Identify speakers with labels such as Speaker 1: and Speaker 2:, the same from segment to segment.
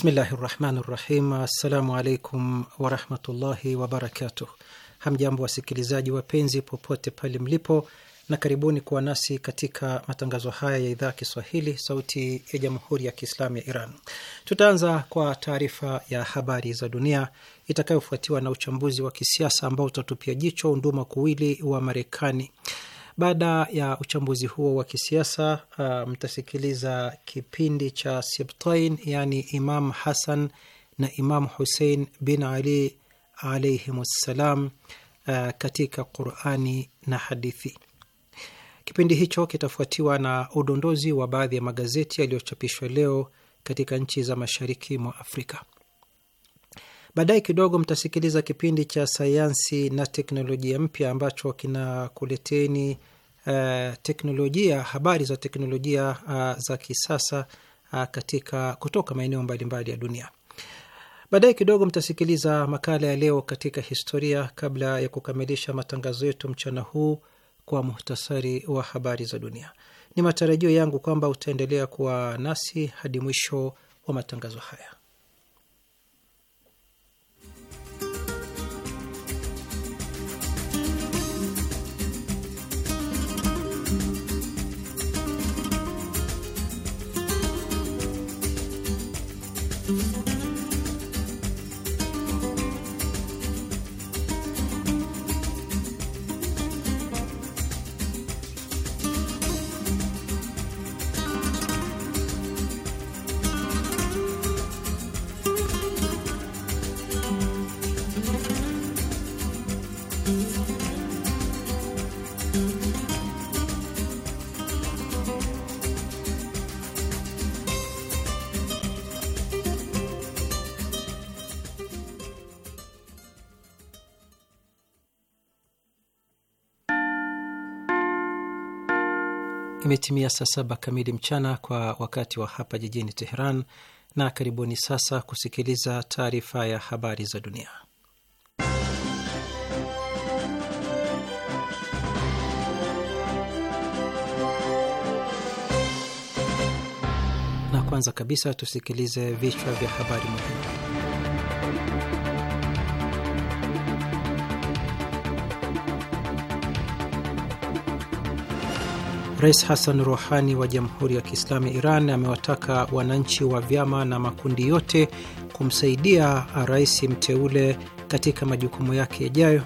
Speaker 1: Bismillahi rahmani rahim. Assalamu alaikum warahmatullahi wabarakatuh. Hamjambo wasikilizaji wapenzi, popote pale mlipo, na karibuni kuwa nasi katika matangazo haya ya idhaa Kiswahili, Sauti ya Jamhuri ya Kiislamu ya Iran. Tutaanza kwa taarifa ya habari za dunia itakayofuatiwa na uchambuzi wa kisiasa ambao utatupia jicho unduma kuwili wa Marekani. Baada ya uchambuzi huo wa kisiasa uh, mtasikiliza kipindi cha Sibtain, yani Imam Hasan na Imam Husein bin Ali wassalam uh, katika Qurani na hadithi. Kipindi hicho kitafuatiwa na udondozi wa baadhi ya magazeti yaliyochapishwa leo katika nchi za mashariki mwa Afrika. Baadaye kidogo mtasikiliza kipindi cha sayansi na teknolojia mpya ambacho kinakuleteni uh, teknolojia, habari za teknolojia uh, za kisasa uh, katika kutoka maeneo mbalimbali ya dunia. Baadaye kidogo mtasikiliza makala ya leo katika historia, kabla ya kukamilisha matangazo yetu mchana huu kwa muhtasari wa habari za dunia. Ni matarajio yangu kwamba utaendelea kuwa nasi hadi mwisho wa matangazo haya. Imetimia saa saba kamili mchana kwa wakati wa hapa jijini Teheran, na karibuni sasa kusikiliza taarifa ya habari za dunia. Na kwanza kabisa tusikilize vichwa vya habari muhimu. Rais Hassan Rouhani wa Jamhuri ya Kiislamu ya Iran amewataka wananchi wa vyama na makundi yote kumsaidia rais mteule katika majukumu yake yajayo.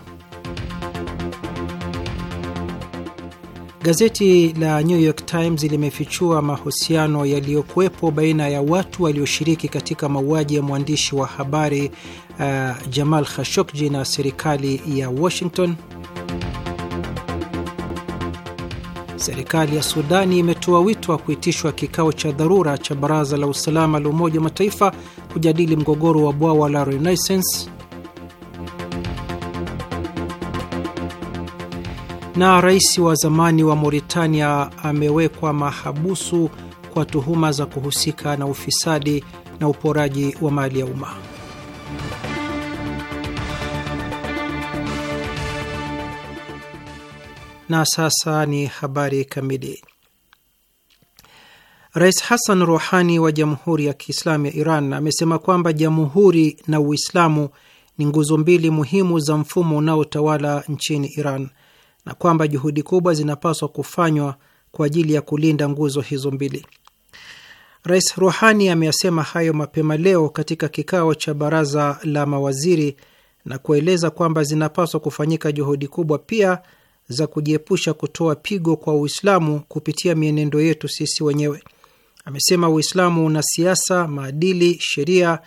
Speaker 1: Gazeti la New York Times limefichua mahusiano yaliyokuwepo baina ya watu walioshiriki katika mauaji ya mwandishi wa habari uh, Jamal Khashoggi na serikali ya Washington serikali ya Sudani imetoa wito wa kuitishwa kikao cha dharura cha Baraza la Usalama la Umoja wa Mataifa kujadili mgogoro wa bwawa la Renaissance. Na rais wa zamani wa Mauritania amewekwa mahabusu kwa tuhuma za kuhusika na ufisadi na uporaji wa mali ya umma. Na sasa ni habari kamili. Rais Hassan Rouhani wa Jamhuri ya Kiislamu ya Iran amesema kwamba jamhuri na Uislamu ni nguzo mbili muhimu za mfumo unaotawala nchini Iran na kwamba juhudi kubwa zinapaswa kufanywa kwa ajili ya kulinda nguzo hizo mbili. Rais Rouhani ameyasema hayo mapema leo katika kikao cha baraza la mawaziri na kueleza kwamba zinapaswa kufanyika juhudi kubwa pia za kujiepusha kutoa pigo kwa Uislamu kupitia mienendo yetu sisi wenyewe. Amesema Uislamu una siasa, maadili, sheria,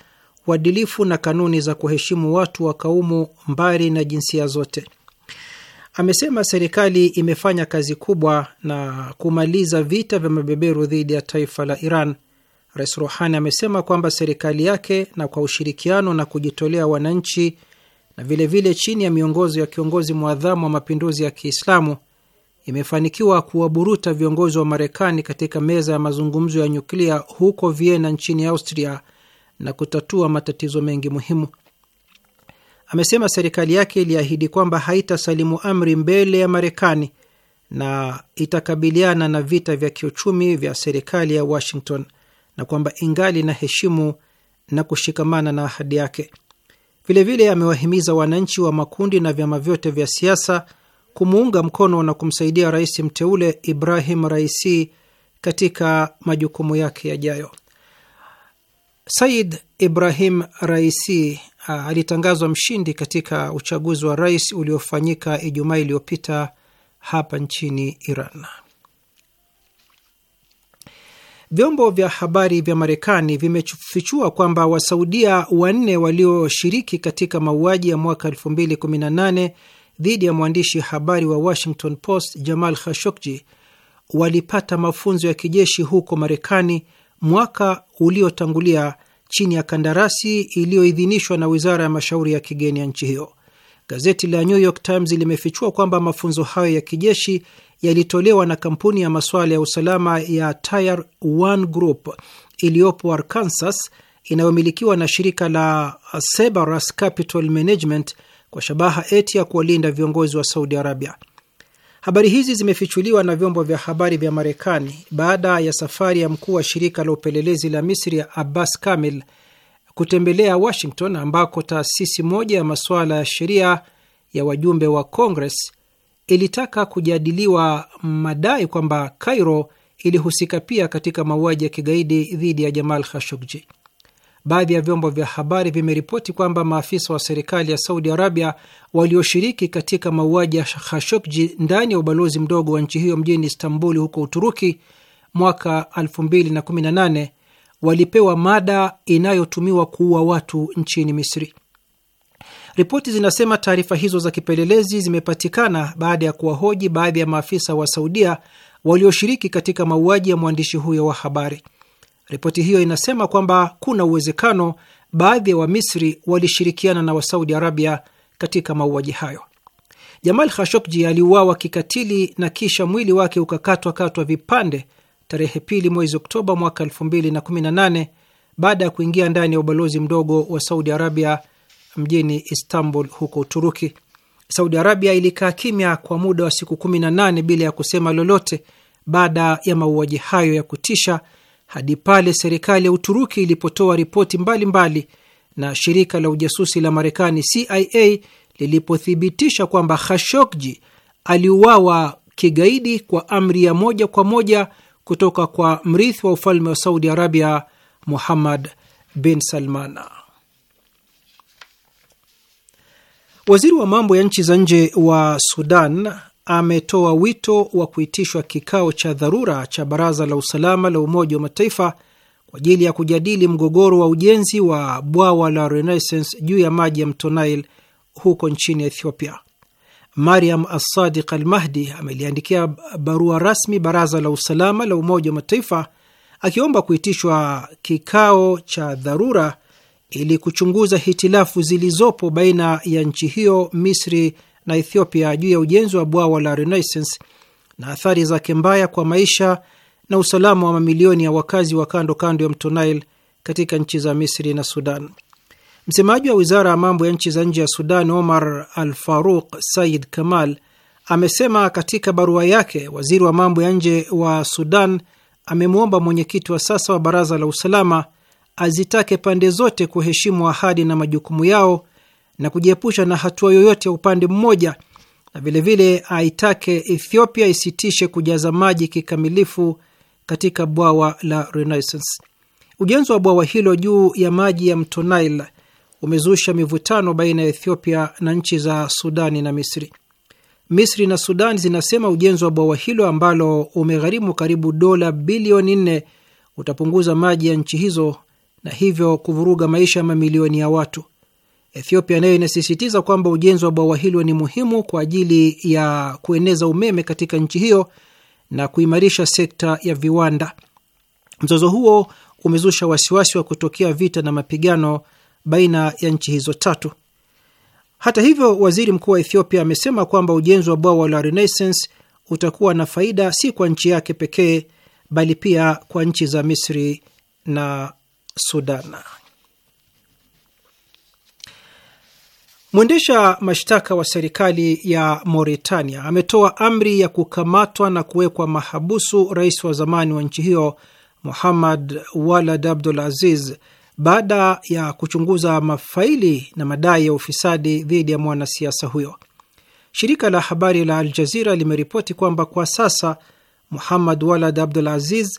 Speaker 1: uadilifu na kanuni za kuheshimu watu wa kaumu, mbari na jinsia zote. Amesema serikali imefanya kazi kubwa na kumaliza vita vya mabeberu dhidi ya taifa la Iran. Rais Rohani amesema kwamba serikali yake na kwa ushirikiano na kujitolea wananchi na vilevile vile chini ya miongozo ya kiongozi mwadhamu wa mapinduzi ya Kiislamu imefanikiwa kuwaburuta viongozi wa Marekani katika meza ya mazungumzo ya nyuklia huko Vienna nchini Austria na kutatua matatizo mengi muhimu. Amesema serikali yake iliahidi kwamba haitasalimu amri mbele ya Marekani na itakabiliana na vita vya kiuchumi vya serikali ya Washington na kwamba ingali na heshimu na kushikamana na ahadi yake. Vilevile amewahimiza wananchi wa makundi na vyama vyote vya siasa kumuunga mkono na kumsaidia rais mteule Ibrahim Raisi katika majukumu yake yajayo. Said Ibrahim Raisi uh, alitangazwa mshindi katika uchaguzi wa rais uliofanyika Ijumaa iliyopita hapa nchini Iran. Vyombo vya habari vya Marekani vimefichua kwamba wasaudia wanne walioshiriki katika mauaji ya mwaka 2018 dhidi ya mwandishi habari wa Washington Post Jamal Khashoggi walipata mafunzo ya kijeshi huko Marekani mwaka uliotangulia chini ya kandarasi iliyoidhinishwa na Wizara ya Mashauri ya Kigeni ya nchi hiyo. Gazeti la New York Times limefichua kwamba mafunzo hayo ya kijeshi yalitolewa na kampuni ya masuala ya usalama ya Tier One Group iliyopo Arkansas inayomilikiwa na shirika la Sebaras Capital Management kwa shabaha eti ya kuwalinda viongozi wa Saudi Arabia. Habari hizi zimefichuliwa na vyombo vya habari vya Marekani baada ya safari ya mkuu wa shirika la upelelezi la Misri ya Abbas Kamil kutembelea Washington ambako taasisi moja ya masuala ya sheria ya wajumbe wa Congress ilitaka kujadiliwa madai kwamba Cairo ilihusika pia katika mauaji ya kigaidi dhidi ya Jamal Khashoggi. Baadhi ya vyombo vya habari vimeripoti kwamba maafisa wa serikali ya Saudi Arabia walioshiriki katika mauaji ya Khashoggi ndani ya ubalozi mdogo wa nchi hiyo mjini Istanbuli huko Uturuki mwaka 2018 walipewa mada inayotumiwa kuua watu nchini Misri. Ripoti zinasema taarifa hizo za kipelelezi zimepatikana baada ya kuwahoji baadhi ya maafisa wa Saudia walioshiriki katika mauaji ya mwandishi huyo wa habari. Ripoti hiyo inasema kwamba kuna uwezekano baadhi ya Wamisri walishirikiana na Wasaudi Arabia katika mauaji hayo. Jamal Khashoggi aliuawa kikatili na kisha mwili wake ukakatwakatwa vipande tarehe pili mwezi Oktoba mwaka 2018 baada ya kuingia ndani ya ubalozi mdogo wa Saudi Arabia mjini Istanbul huko Uturuki. Saudi Arabia ilikaa kimya kwa muda wa siku 18 bila ya kusema lolote baada ya mauaji hayo ya kutisha hadi pale serikali ya Uturuki ilipotoa ripoti mbalimbali na shirika la ujasusi la Marekani CIA lilipothibitisha kwamba Khashoggi aliuawa kigaidi kwa amri ya moja kwa moja kutoka kwa mrithi wa ufalme wa Saudi Arabia Muhammad bin Salmana. Waziri wa mambo ya nchi za nje wa Sudan ametoa wito wa kuitishwa kikao cha dharura cha Baraza la Usalama la Umoja wa Mataifa kwa ajili ya kujadili mgogoro wa ujenzi wa bwawa la Renaissance juu ya maji ya mto Nile huko nchini Ethiopia. Mariam Assadiq Al Mahdi ameliandikia barua rasmi Baraza la Usalama la Umoja wa Mataifa akiomba kuitishwa kikao cha dharura ili kuchunguza hitilafu zilizopo baina ya nchi hiyo, Misri na Ethiopia juu ya ujenzi wa bwawa la Renaissance na athari zake mbaya kwa maisha na usalama wa mamilioni ya wakazi wa kando kando ya mto Nile katika nchi za Misri na Sudan. Msemaji wa wizara ya mambo ya nchi za nje ya Sudan, Omar Al Faruq Said Kamal, amesema katika barua yake, waziri wa mambo ya nje wa Sudan amemwomba mwenyekiti wa sasa wa baraza la usalama azitake pande zote kuheshimu ahadi na majukumu yao na kujiepusha na hatua yoyote ya upande mmoja, na vilevile aitake Ethiopia isitishe kujaza maji kikamilifu katika bwawa la Renaissance. Ujenzi wa bwawa hilo juu ya maji ya mto Nile umezusha mivutano baina ya Ethiopia na nchi za Sudani na Misri. Misri na Sudan zinasema ujenzi wa bwawa hilo ambalo umegharimu karibu dola bilioni nne utapunguza maji ya nchi hizo na hivyo kuvuruga maisha ya mamilioni ya watu. Ethiopia nayo inasisitiza kwamba ujenzi wa bwawa hilo ni muhimu kwa ajili ya kueneza umeme katika nchi hiyo na kuimarisha sekta ya viwanda. Mzozo huo umezusha wasiwasi wa kutokea vita na mapigano baina ya nchi hizo tatu. Hata hivyo, waziri mkuu wa Ethiopia amesema kwamba ujenzi wa bwawa la Renaissance utakuwa na faida si kwa nchi yake pekee, bali pia kwa nchi za Misri na Sudan. Mwendesha mashtaka wa serikali ya Mauritania ametoa amri ya kukamatwa na kuwekwa mahabusu rais wa zamani wa nchi hiyo Muhammad Walad Abdul Aziz baada ya kuchunguza mafaili na madai ya ufisadi dhidi ya mwanasiasa huyo. Shirika la habari la Al Jazira limeripoti kwamba kwa sasa Muhammad Walad Abdul Aziz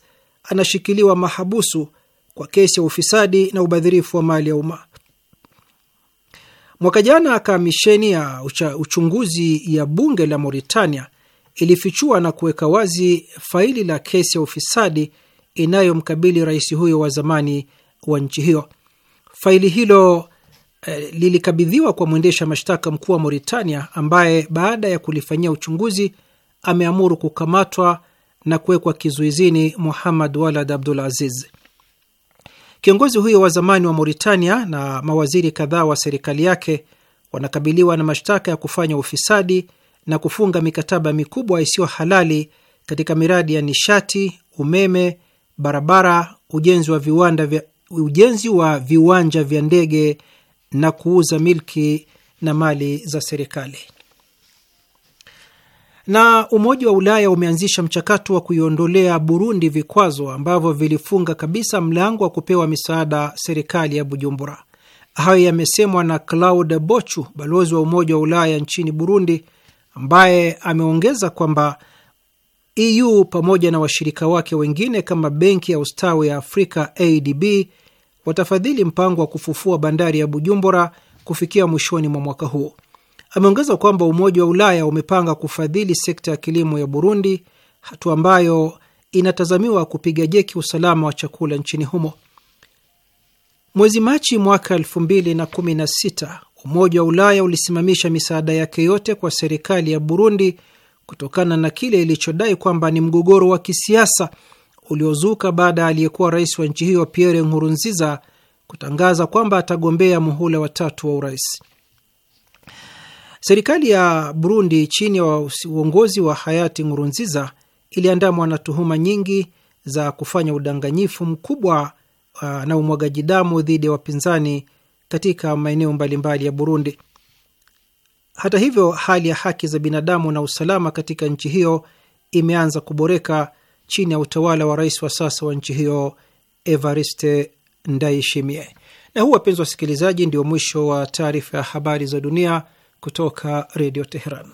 Speaker 1: anashikiliwa mahabusu kwa kesi ya ufisadi na ubadhirifu wa mali ya umma. Mwaka jana kamisheni ya uchunguzi ya bunge la Mauritania ilifichua na kuweka wazi faili la kesi ya ufisadi inayomkabili rais huyo wa zamani wa nchi hiyo. Faili hilo eh, lilikabidhiwa kwa mwendesha mashtaka mkuu wa Mauritania ambaye baada ya kulifanyia uchunguzi ameamuru kukamatwa na kuwekwa kizuizini Muhammad Walad Abdul Aziz. Kiongozi huyo wa zamani wa Mauritania na mawaziri kadhaa wa serikali yake wanakabiliwa na mashtaka ya kufanya ufisadi na kufunga mikataba mikubwa isiyo halali katika miradi ya nishati, umeme, barabara, ujenzi wa viwanda vya, ujenzi wa viwanja vya ndege na kuuza milki na mali za serikali. Na Umoja wa Ulaya umeanzisha mchakato wa kuiondolea Burundi vikwazo ambavyo vilifunga kabisa mlango wa kupewa misaada serikali ya Bujumbura. Hayo yamesemwa na Claude Bochu, balozi wa Umoja wa Ulaya nchini Burundi, ambaye ameongeza kwamba EU pamoja na washirika wake wengine kama Benki ya Ustawi ya Afrika ADB watafadhili mpango wa kufufua bandari ya Bujumbura kufikia mwishoni mwa mwaka huo. Ameongeza kwamba Umoja wa Ulaya umepanga kufadhili sekta ya kilimo ya Burundi, hatua ambayo inatazamiwa kupiga jeki usalama wa chakula nchini humo. Mwezi Machi mwaka 2016 Umoja wa Ulaya ulisimamisha misaada yake yote kwa serikali ya Burundi kutokana na kile ilichodai kwamba ni mgogoro wa kisiasa uliozuka baada ya aliyekuwa rais wa nchi hiyo Pierre Nkurunziza kutangaza kwamba atagombea muhula watatu wa urais. Serikali ya Burundi chini ya uongozi wa hayati Nkurunziza iliandamwa na tuhuma nyingi za kufanya udanganyifu mkubwa uh, na umwagaji damu dhidi ya wapinzani katika maeneo mbalimbali ya Burundi. Hata hivyo, hali ya haki za binadamu na usalama katika nchi hiyo imeanza kuboreka chini ya utawala wa rais wa sasa wa nchi hiyo Evariste Ndayishimiye. Na huu, wapenzi wasikilizaji, ndio mwisho wa taarifa ya habari za dunia kutoka Redio Teheran.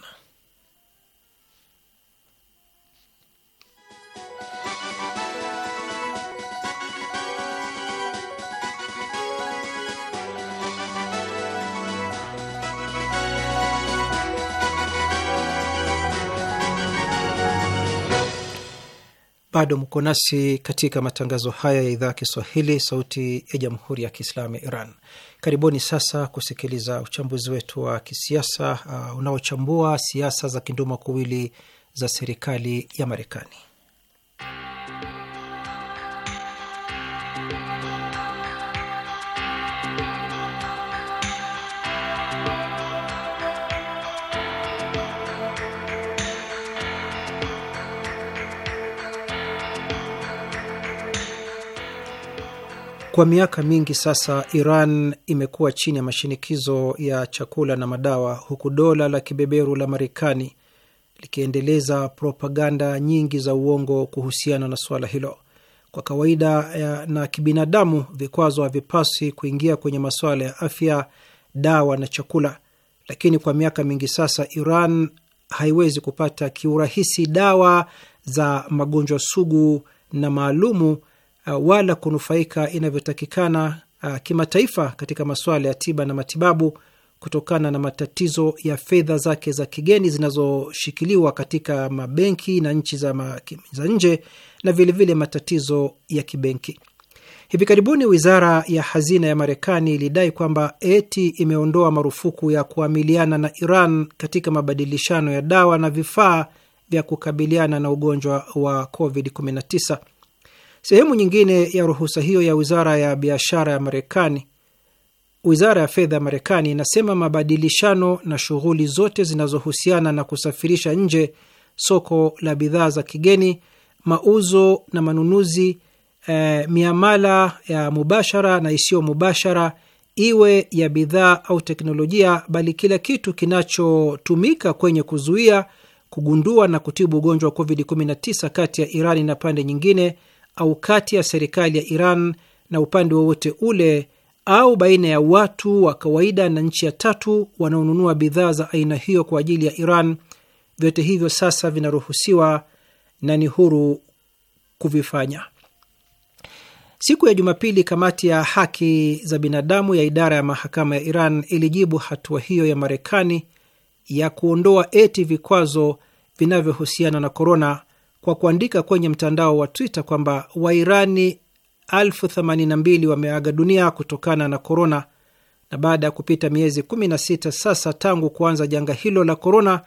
Speaker 1: Bado mko nasi katika matangazo haya ya idhaa ya Kiswahili, sauti ya jamhuri ya kiislamu ya Iran. Karibuni sasa kusikiliza uchambuzi wetu wa kisiasa uh, unaochambua siasa za kinduma kuwili za serikali ya Marekani. Kwa miaka mingi sasa Iran imekuwa chini ya mashinikizo ya chakula na madawa, huku dola la kibeberu la Marekani likiendeleza propaganda nyingi za uongo kuhusiana na suala hilo. Kwa kawaida eh, na kibinadamu, vikwazo havipasi kuingia kwenye masuala ya afya, dawa na chakula, lakini kwa miaka mingi sasa Iran haiwezi kupata kiurahisi dawa za magonjwa sugu na maalumu Uh, wala kunufaika inavyotakikana uh, kimataifa katika masuala ya tiba na matibabu kutokana na matatizo ya fedha zake za kigeni zinazoshikiliwa katika mabenki na nchi za, ma, za nje na vilevile vile matatizo ya kibenki. Hivi karibuni wizara ya hazina ya Marekani ilidai kwamba eti imeondoa marufuku ya kuamiliana na Iran katika mabadilishano ya dawa na vifaa vya kukabiliana na ugonjwa wa COVID-19. Sehemu nyingine ya ruhusa hiyo ya wizara ya biashara ya Marekani, wizara ya fedha ya Marekani inasema mabadilishano na shughuli zote zinazohusiana na kusafirisha nje soko la bidhaa za kigeni, mauzo na manunuzi, eh, miamala ya mubashara na isiyo mubashara iwe ya bidhaa au teknolojia, bali kila kitu kinachotumika kwenye kuzuia, kugundua na kutibu ugonjwa wa COVID-19 kati ya Irani na pande nyingine au kati ya serikali ya Iran na upande wowote ule au baina ya watu wa kawaida na nchi ya tatu wanaonunua bidhaa za aina hiyo kwa ajili ya Iran, vyote hivyo sasa vinaruhusiwa na ni huru kuvifanya. Siku ya Jumapili, kamati ya haki za binadamu ya idara ya mahakama ya Iran ilijibu hatua hiyo ya Marekani ya kuondoa eti vikwazo vinavyohusiana na korona kwa kuandika kwenye mtandao wa Twitter kwamba Wairani elfu themanini na mbili wameaga dunia kutokana na korona, na baada ya kupita miezi 16 sasa tangu kuanza janga hilo la korona,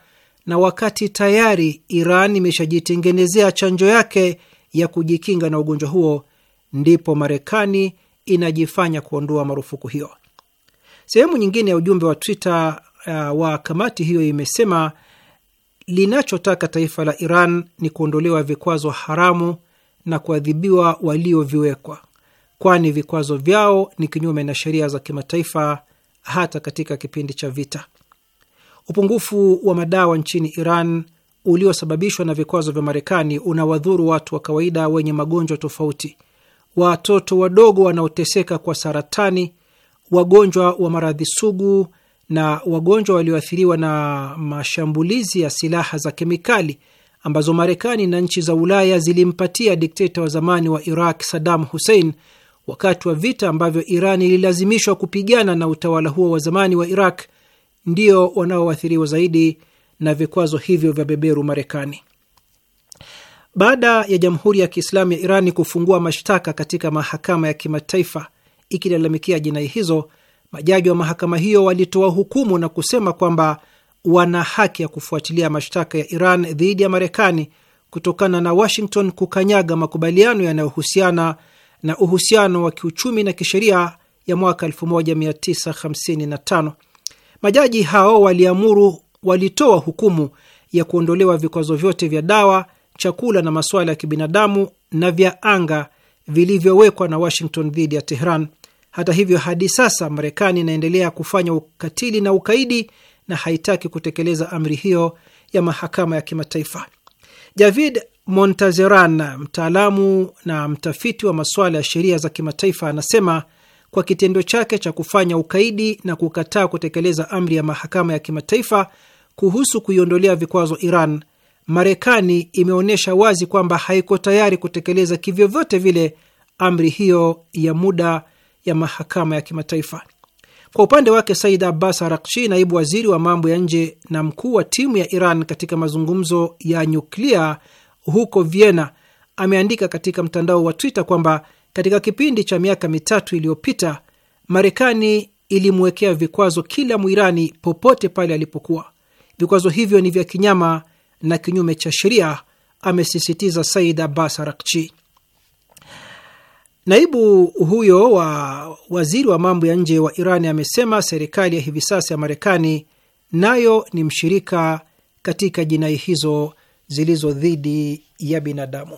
Speaker 1: na wakati tayari Iran imeshajitengenezea chanjo yake ya kujikinga na ugonjwa huo, ndipo Marekani inajifanya kuondoa marufuku hiyo. Sehemu nyingine ya ujumbe wa Twitter uh, wa kamati hiyo imesema linachotaka taifa la Iran ni kuondolewa vikwazo haramu na kuadhibiwa walioviwekwa, kwani vikwazo vyao ni kinyume na sheria za kimataifa hata katika kipindi cha vita. Upungufu wa madawa nchini Iran uliosababishwa na vikwazo vya Marekani unawadhuru watu wa kawaida wenye magonjwa tofauti, watoto wadogo wanaoteseka kwa saratani, wagonjwa wa maradhi sugu na wagonjwa walioathiriwa na mashambulizi ya silaha za kemikali ambazo Marekani na nchi za Ulaya zilimpatia dikteta wa zamani wa Iraq Saddam Hussein wakati wa vita ambavyo Iran ililazimishwa kupigana na utawala huo wa zamani wa Iraq ndio wanaoathiriwa zaidi na vikwazo hivyo vya beberu Marekani. Baada ya Jamhuri ya Kiislamu ya Irani kufungua mashtaka katika mahakama ya kimataifa ikilalamikia jinai hizo, Majaji wa mahakama hiyo walitoa hukumu na kusema kwamba wana haki ya kufuatilia mashtaka ya Iran dhidi ya Marekani kutokana na Washington kukanyaga makubaliano yanayohusiana na uhusiano wa kiuchumi na kisheria ya mwaka 1955. Majaji hao waliamuru, walitoa hukumu ya kuondolewa vikwazo vyote vya dawa, chakula na masuala ya kibinadamu na vya anga vilivyowekwa na Washington dhidi ya Tehran. Hata hivyo, hadi sasa Marekani inaendelea kufanya ukatili na ukaidi na haitaki kutekeleza amri hiyo ya mahakama ya kimataifa. Javid Montazeran, mtaalamu na mtafiti wa masuala ya sheria za kimataifa, anasema kwa kitendo chake cha kufanya ukaidi na kukataa kutekeleza amri ya mahakama ya kimataifa kuhusu kuiondolea vikwazo Iran, Marekani imeonyesha wazi kwamba haiko tayari kutekeleza kivyovyote vile amri hiyo ya muda ya mahakama ya kimataifa. Kwa upande wake, Said Abbas Arakshi, naibu waziri wa mambo ya nje na mkuu wa timu ya Iran katika mazungumzo ya nyuklia huko Vienna, ameandika katika mtandao wa Twitter kwamba katika kipindi cha miaka mitatu iliyopita Marekani ilimwekea vikwazo kila Mwirani popote pale alipokuwa. Vikwazo hivyo ni vya kinyama na kinyume cha sheria, amesisitiza Said Abbas Arakchi. Naibu huyo wa waziri wa mambo ya nje wa Irani amesema serikali ya hivi sasa ya Marekani nayo ni mshirika katika jinai hizo zilizo dhidi ya binadamu.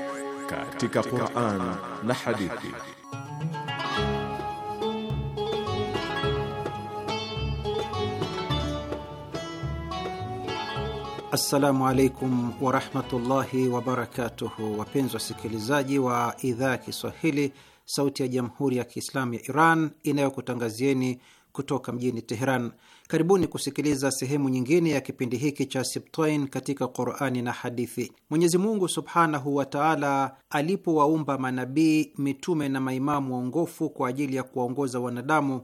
Speaker 2: katika Qur'an
Speaker 1: na hadithi. Assalamu alaikum warahmatullahi wabarakatuhu, wapenzi wasikilizaji wa idhaa ya Kiswahili, sauti ya jamhuri ya kiislamu ya Iran inayokutangazieni kutoka mjini Teheran. Karibuni kusikiliza sehemu nyingine ya kipindi hiki cha Sibtain katika Qurani na Hadithi. Mwenyezi Mungu subhanahu wa taala alipowaumba manabii, mitume na maimamu waongofu kwa ajili ya kuwaongoza wanadamu,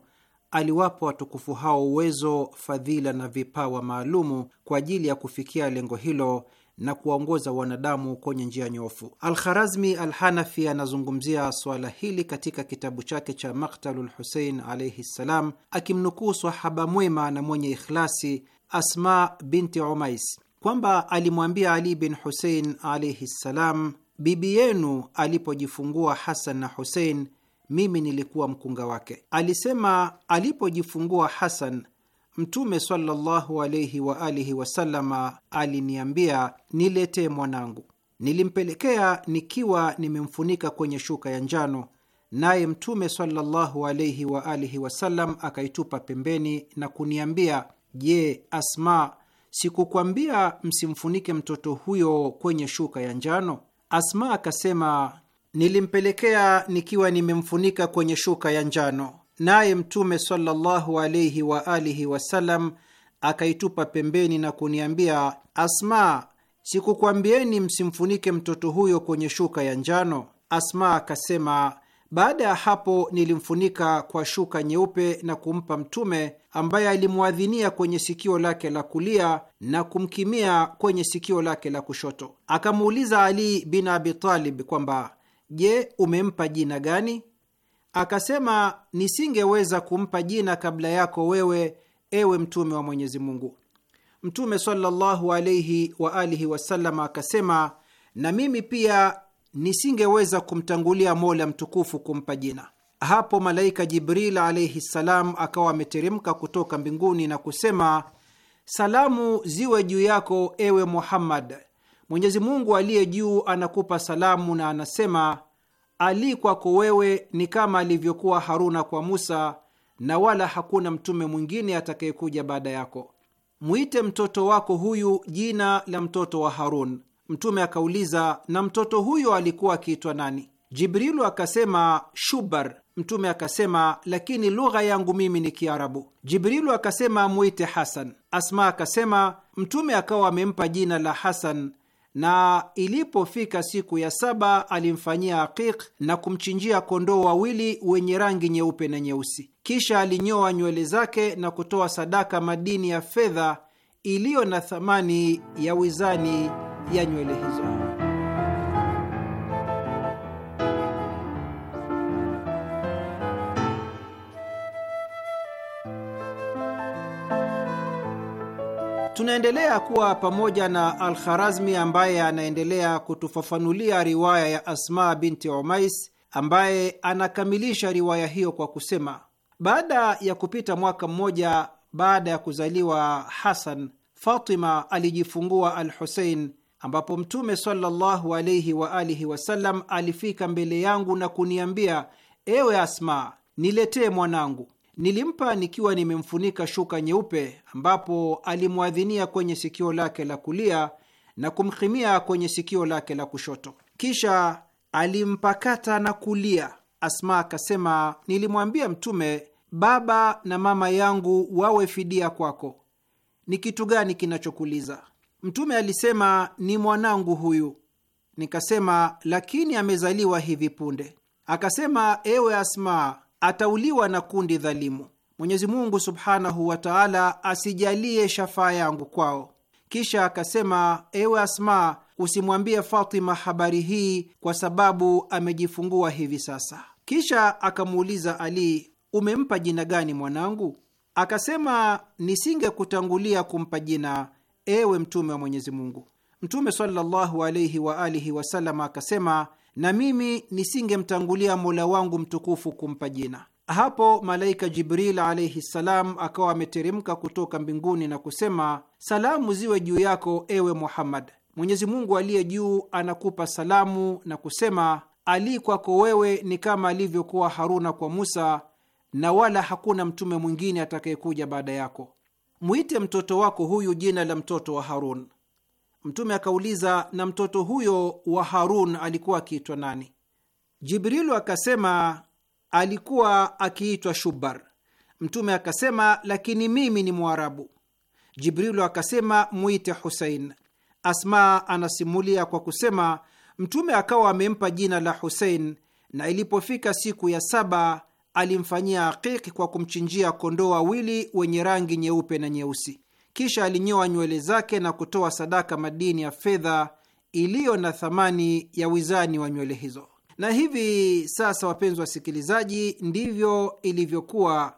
Speaker 1: aliwapa watukufu hao uwezo, fadhila na vipawa maalumu kwa ajili ya kufikia lengo hilo na kuwaongoza wanadamu kwenye njia nyofu. Alkharazmi Alhanafi anazungumzia swala hili katika kitabu chake cha Maktalu Lhusein alaihi ssalam, akimnukuu swahaba mwema na mwenye ikhlasi Asma binti Umais kwamba alimwambia Ali bin Husein alaihi ssalam, bibi yenu alipojifungua Hasan na Husein, mimi nilikuwa mkunga wake. Alisema alipojifungua Hasan Mtume sallallahu alayhi wa alihi wasallama aliniambia, niletee mwanangu. Nilimpelekea nikiwa nimemfunika kwenye shuka ya njano, naye Mtume sallallahu alayhi wa alihi wasallam akaitupa pembeni na kuniambia, je, Asma, sikukwambia msimfunike mtoto huyo kwenye shuka ya njano? Asma akasema, nilimpelekea nikiwa nimemfunika kwenye shuka ya njano naye Mtume sallallahu alaihi wa alihi wasallam akaitupa pembeni na kuniambia, Asma, sikukwambieni msimfunike mtoto huyo kwenye shuka ya njano? Asma akasema, baada ya hapo nilimfunika kwa shuka nyeupe na kumpa Mtume, ambaye alimwadhinia kwenye sikio lake la kulia na kumkimia kwenye sikio lake la kushoto. Akamuuliza Ali bin Abi Talib kwamba je, umempa jina gani? akasema, nisingeweza kumpa jina kabla yako wewe, ewe mtume wa Mwenyezi Mungu. Mtume sallallahu alaihi wa alihi wasallam akasema, na mimi pia nisingeweza kumtangulia Mola mtukufu kumpa jina. Hapo malaika Jibril alaihi ssalam akawa ameteremka kutoka mbinguni na kusema, salamu ziwe juu yako ewe Muhammad, Mwenyezi Mungu aliye juu anakupa salamu na anasema ali kwako wewe ni kama alivyokuwa Haruna kwa Musa, na wala hakuna mtume mwingine atakayekuja baada yako. Mwite mtoto wako huyu jina la mtoto wa Harun. Mtume akauliza, na mtoto huyo alikuwa akiitwa nani? Jibrilu akasema Shubar. Mtume akasema, lakini lugha yangu mimi ni Kiarabu. Jibrilu akasema, mwite Hasan. Asma akasema, Mtume akawa amempa jina la Hasan na ilipofika siku ya saba alimfanyia aqiq na kumchinjia kondoo wawili wenye rangi nyeupe na nyeusi. Kisha alinyoa nywele zake na kutoa sadaka madini ya fedha iliyo na thamani ya wizani ya nywele hizo. Tunaendelea kuwa pamoja na Alkharazmi ambaye anaendelea kutufafanulia riwaya ya Asma binti Umais ambaye anakamilisha riwaya hiyo kwa kusema, baada ya kupita mwaka mmoja baada ya kuzaliwa Hasan, Fatima alijifungua al Husein, ambapo Mtume sallallahu alaihi wasallam alifika mbele yangu na kuniambia, ewe Asma, niletee mwanangu. Nilimpa nikiwa nimemfunika shuka nyeupe, ambapo alimwadhinia kwenye sikio lake la kulia na kumhimia kwenye sikio lake la kushoto, kisha alimpakata na kulia. Asma akasema, nilimwambia Mtume, baba na mama yangu wawe fidia kwako, ni kitu gani kinachokuliza? Mtume alisema, ni mwanangu huyu. Nikasema, lakini amezaliwa hivi punde. Akasema, ewe Asma, atauliwa na kundi dhalimu. Mwenyezi Mungu subhanahu wa taala asijalie shafaa yangu kwao. Kisha akasema, ewe Asma, usimwambie Fatima habari hii kwa sababu amejifungua hivi sasa. Kisha akamuuliza Ali, umempa jina gani mwanangu? Akasema, nisingekutangulia kumpa jina, ewe Mtume wa Mwenyezi Mungu. Mtume sallallahu alaihi akasema na mimi nisingemtangulia Mola wangu mtukufu kumpa jina. Hapo malaika Jibril alaihi ssalam akawa ameteremka kutoka mbinguni na kusema, salamu ziwe juu yako ewe Muhammad, Mwenyezi Mungu aliye juu anakupa salamu na kusema, Ali kwako wewe ni kama alivyokuwa Haruna kwa Musa, na wala hakuna mtume mwingine atakayekuja baada yako. Mwite mtoto wako huyu jina la mtoto wa Harun. Mtume akauliza, na mtoto huyo wa Harun alikuwa akiitwa nani? Jibrilu akasema, alikuwa akiitwa Shubar. Mtume akasema, lakini mimi ni Mwarabu. Jibrilu akasema, mwite Husein. Asma anasimulia kwa kusema, Mtume akawa amempa jina la Husein, na ilipofika siku ya saba alimfanyia aqiqi kwa kumchinjia kondoo wawili wenye rangi nyeupe na nyeusi. Kisha alinyoa nywele zake na kutoa sadaka madini ya fedha iliyo na thamani ya wizani wa nywele hizo. Na hivi sasa, wapenzi wasikilizaji, ndivyo ilivyokuwa,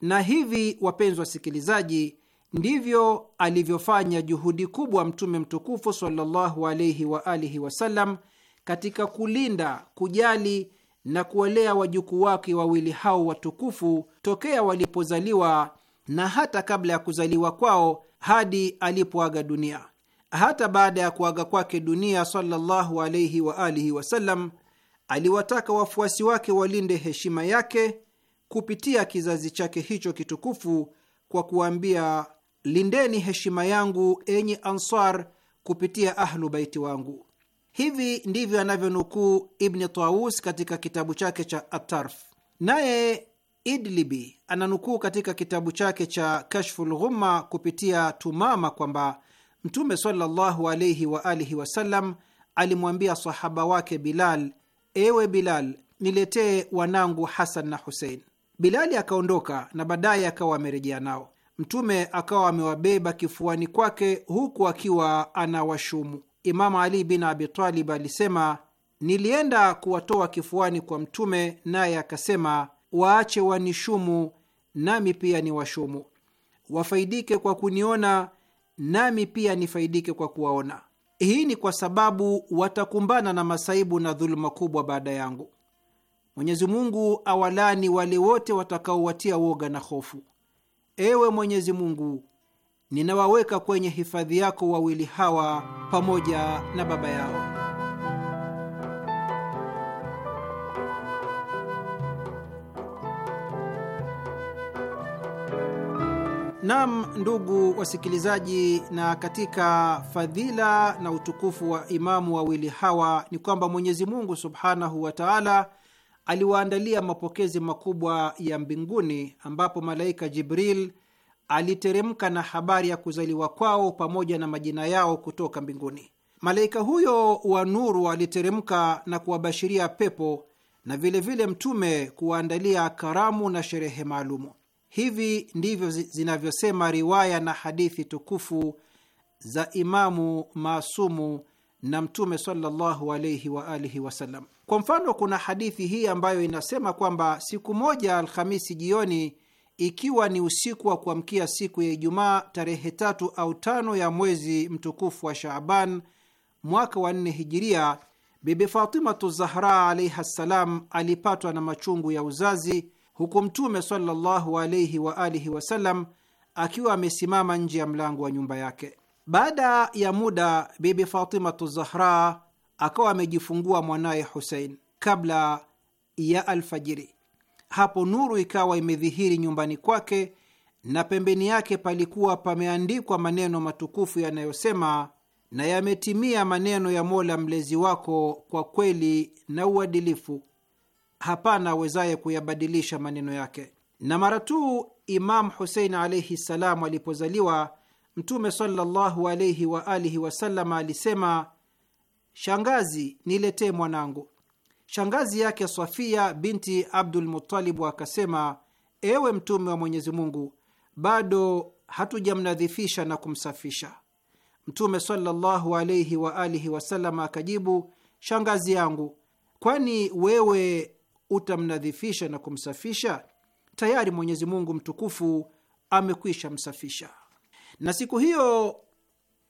Speaker 1: na hivi wapenzi wasikilizaji, ndivyo alivyofanya juhudi kubwa Mtume mtukufu sallallahu alaihi wa alihi wasallam katika kulinda, kujali na kuwalea wajukuu wake wawili hao watukufu tokea walipozaliwa na hata kabla ya kuzaliwa kwao hadi alipoaga dunia. Hata baada ya kuaga kwake dunia sallallahu wa alihi wasallam, aliwataka wafuasi wake walinde heshima yake kupitia kizazi chake hicho kitukufu kwa kuwaambia, lindeni heshima yangu enyi Ansar kupitia Ahlu Baiti wangu. Hivi ndivyo anavyonukuu Ibni Taus katika kitabu chake cha Atarf. Naye Idlibi ananukuu katika kitabu chake cha Kashful Ghumma kupitia Tumama kwamba Mtume sallallahu alaihi wa alihi wasallam alimwambia sahaba wake Bilal, ewe Bilal, niletee wanangu Hasan na Husein. Bilali akaondoka na baadaye akawa amerejea nao. Mtume akawa amewabeba kifuani kwake huku akiwa anawashumu. Imamu Ali bin Abitalib alisema, nilienda kuwatoa kifuani kwa Mtume, naye akasema waache wanishumu nami pia ni washumu. wafaidike kwa kuniona, nami pia nifaidike kwa kuwaona. Hii ni kwa sababu watakumbana na masaibu na dhuluma kubwa baada yangu. Mwenyezi Mungu awalani wale wote watakaowatia woga na hofu. Ewe Mwenyezi Mungu, ninawaweka kwenye hifadhi yako wawili hawa pamoja na baba yao. Naam, ndugu wasikilizaji, na katika fadhila na utukufu wa imamu wawili hawa ni kwamba Mwenyezi Mungu subhanahu wa taala aliwaandalia mapokezi makubwa ya mbinguni, ambapo malaika Jibril aliteremka na habari ya kuzaliwa kwao pamoja na majina yao kutoka mbinguni. Malaika huyo wa nuru aliteremka na kuwabashiria pepo na vilevile vile mtume kuwaandalia karamu na sherehe maalumu. Hivi ndivyo zinavyosema riwaya na hadithi tukufu za Imamu Masumu na Mtume sallallahu alaihi wa alihi wasallam. Kwa mfano, kuna hadithi hii ambayo inasema kwamba siku moja Alhamisi jioni, ikiwa ni usiku wa kuamkia siku ya Ijumaa tarehe tatu au tano ya mwezi mtukufu wa Shaaban mwaka wa nne Hijiria, Bibi Fatimatu Zahra alaihi ssalam alipatwa na machungu ya uzazi huku Mtume sallallahu alaihi wa alihi wasallam akiwa amesimama nje ya mlango wa nyumba yake. Baada ya muda, Bibi Fatimatu Zahra akawa amejifungua mwanaye Husein kabla ya alfajiri. Hapo nuru ikawa imedhihiri nyumbani kwake na pembeni yake palikuwa pameandikwa maneno matukufu yanayosema, na yametimia maneno ya Mola mlezi wako kwa kweli na uadilifu hapana awezaye kuyabadilisha maneno yake. Na mara tu Imamu Husein alaihi ssalam alipozaliwa, Mtume sallallahu alaihi wa alihi wasalama alisema, shangazi, niletee mwanangu. Shangazi yake Safia binti Abdulmutalibu akasema, ewe Mtume wa Mwenyezi Mungu, bado hatujamnadhifisha na kumsafisha. Mtume sallallahu alaihi wa alihi wasalama akajibu, shangazi yangu, kwani wewe utamnadhifisha na kumsafisha? Tayari Mwenyezi Mungu mtukufu amekwisha msafisha. Na siku hiyo,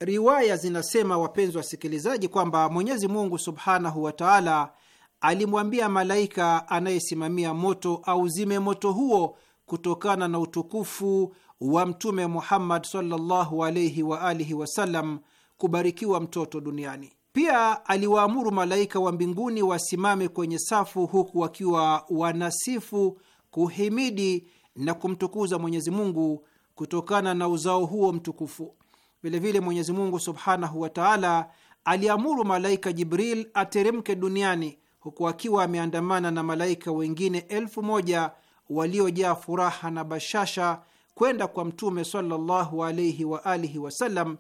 Speaker 1: riwaya zinasema, wapenzi wasikilizaji, kwamba Mwenyezi Mungu subhanahu wa taala alimwambia malaika anayesimamia moto auzime moto huo kutokana na utukufu wa Mtume Muhammad sallallahu alaihi waalihi wasallam, kubarikiwa mtoto duniani. Pia aliwaamuru malaika wa mbinguni wasimame kwenye safu huku wakiwa wanasifu, kuhimidi na kumtukuza Mwenyezi Mungu kutokana na uzao huo mtukufu. Vilevile Mwenyezi Mungu subhanahu wa taala aliamuru malaika Jibril ateremke duniani huku akiwa ameandamana na malaika wengine elfu moja waliojaa furaha na bashasha kwenda kwa Mtume sallallahu alaihi waalihi wasallam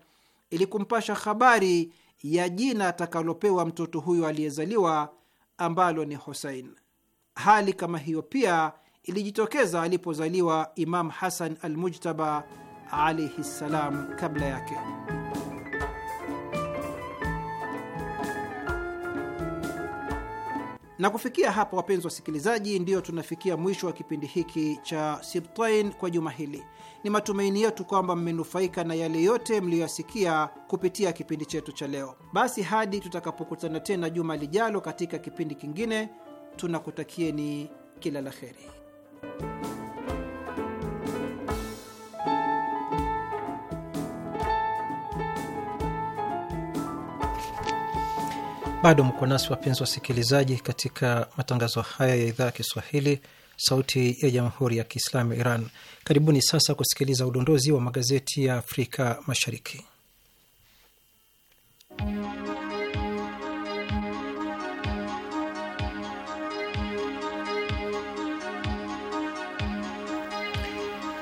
Speaker 1: ili kumpasha habari ya jina atakalopewa mtoto huyo aliyezaliwa ambalo ni Husein. Hali kama hiyo pia ilijitokeza alipozaliwa Imam Hasan Almujtaba alaihi ssalam kabla yake. Na kufikia hapa, wapenzi wasikilizaji, ndiyo tunafikia mwisho wa kipindi hiki cha Sibtain kwa juma hili. Ni matumaini yetu kwamba mmenufaika na yale yote mliyoyasikia kupitia kipindi chetu cha leo. Basi hadi tutakapokutana tena juma lijalo katika kipindi kingine, tunakutakieni kila la heri. Bado mko nasi wapenzi wasikilizaji, katika matangazo haya ya idhaa ya Kiswahili sauti ya jamhuri ya kiislamu ya Iran. Karibuni sasa kusikiliza udondozi wa magazeti ya Afrika Mashariki.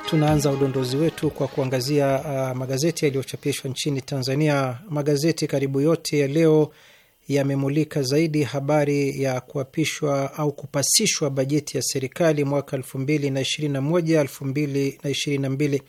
Speaker 1: Tunaanza udondozi wetu kwa kuangazia uh, magazeti yaliyochapishwa nchini Tanzania. Magazeti karibu yote ya leo yamemulika zaidi habari ya kuapishwa au kupasishwa bajeti ya serikali mwaka 2021 2022.